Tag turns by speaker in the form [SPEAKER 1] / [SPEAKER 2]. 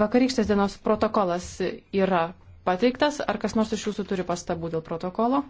[SPEAKER 1] Vakarykštės dienos protokolas yra pateiktas. Ar kas nors iš jūsų turi pastabų dėl protokolo?